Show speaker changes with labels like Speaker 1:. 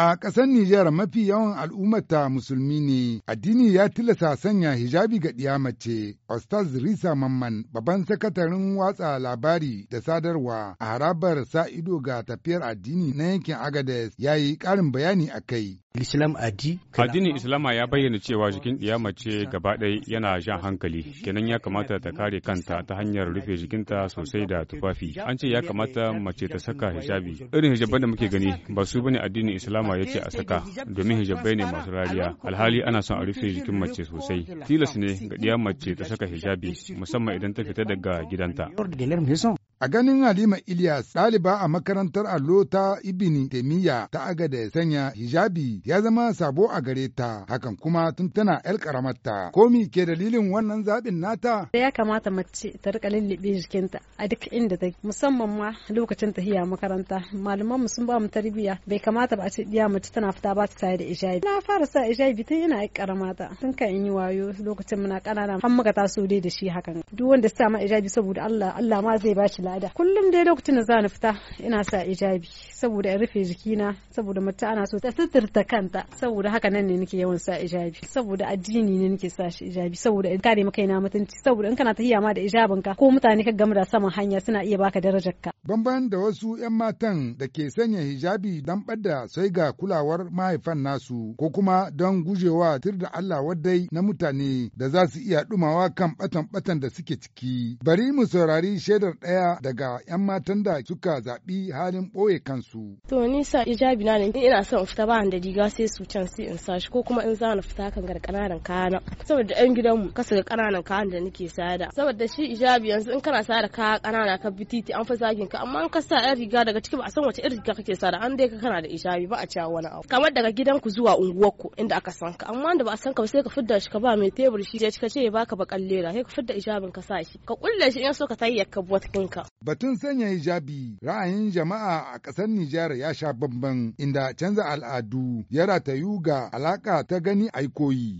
Speaker 1: A ƙasar Nijar mafi yawan al'ummata musulmi ne, addini ya tilasta sanya hijabi ga ɗiya mace, Ostaz Risa Mamman, babban sakatarin watsa labari da sadarwa a harabar sa ido ga tafiyar addini na yankin Agades ya yi ƙarin bayani a kai. Addinin
Speaker 2: Islama ya bayyana cewa jikin mace gaba ɗaya yana jan hankali, kenan ya kamata ta kare kanta ta hanyar rufe jikinta sosai da tufafi. An ce ya kamata mace ta saka hijabi. Irin hijabai da muke gani ba su bane addinin Islama ya ce a saka, domin hijabai ne masu rariya. Alhali ana son a rufe jikin mace sosai. Tilas ne ga ɗiya mace ta saka hijabi, musamman idan ta fita daga gidanta.
Speaker 1: A ganin Halima Ilyas, ɗaliba a makarantar allo ta Ibini Temiya ta agada sanya hijabi ya zama sabo a gare ta, hakan kuma tun tana ‘yar karamarta. Komi ke dalilin wannan zaɓin nata?
Speaker 3: da Ya kamata mace ta riƙa lullube jikinta a duk inda ta musamman ma lokacin tahiya makaranta. Malaman mu sun ba mu tarbiyya bai kamata ba a ce ɗiya mace tana fita ba ta tare da hijabi. Na fara sa ijabi tun ina ‘yar karamata, tun kan in yi wayo lokacin muna ƙanana an muka taso dai da shi hakan. Duk wanda sa ma hijabi saboda Allah, Allah ma zai ba shi al'ada kullum dai lokacin da za na fita ina sa ijabi saboda in rufe jikina saboda mace ana so ta suturta kanta saboda haka nan ne nake yawan sa ijabi saboda addini ne nake sa shi ijabi saboda in kare maka ina mutunci saboda in kana tahiya ma da ijabin ka ko mutane ka gamu da saman hanya suna iya
Speaker 1: baka darajar ka bamban da wasu yan matan da ke sanya hijabi dan bada sai ga kulawar mahaifan nasu ko kuma don gujewa tir da Allah wadai na mutane da za su iya dumawa kan batan batan da suke ciki bari mu saurari shaidar ɗaya. daga 'yan matan da suka zaɓi halin ɓoye kansu.
Speaker 4: To ni sa ijabi na in ina son fita ba da riga sai su can sai in sa shi ko kuma in za na fita kan gar ƙananan kayana saboda 'yan gidanmu kasa ga kananan kayan da nake sada saboda shi ijabi yanzu in kana da kaya kanana ka bi titi an fi zagin ka amma in ka sa 'yan riga daga ciki ba a san wace irin riga kake sada an dai ka kana da ijabi ba a cewa wani abu kamar daga ku zuwa unguwarku inda aka san ka amma da ba a san ka ba sai ka fidda shi ka ba mai tebur shi ya ce ya baka bakan lera sai ka fidda ijabin ka sa shi ka kulle shi in so ka tayyaka buwatkin ka
Speaker 1: Batun sanya hijabi ra'ayin jama'a a ƙasar Nijar ya sha bambam inda canza al'adu ya ratayu ga alaƙa ta gani aikoyi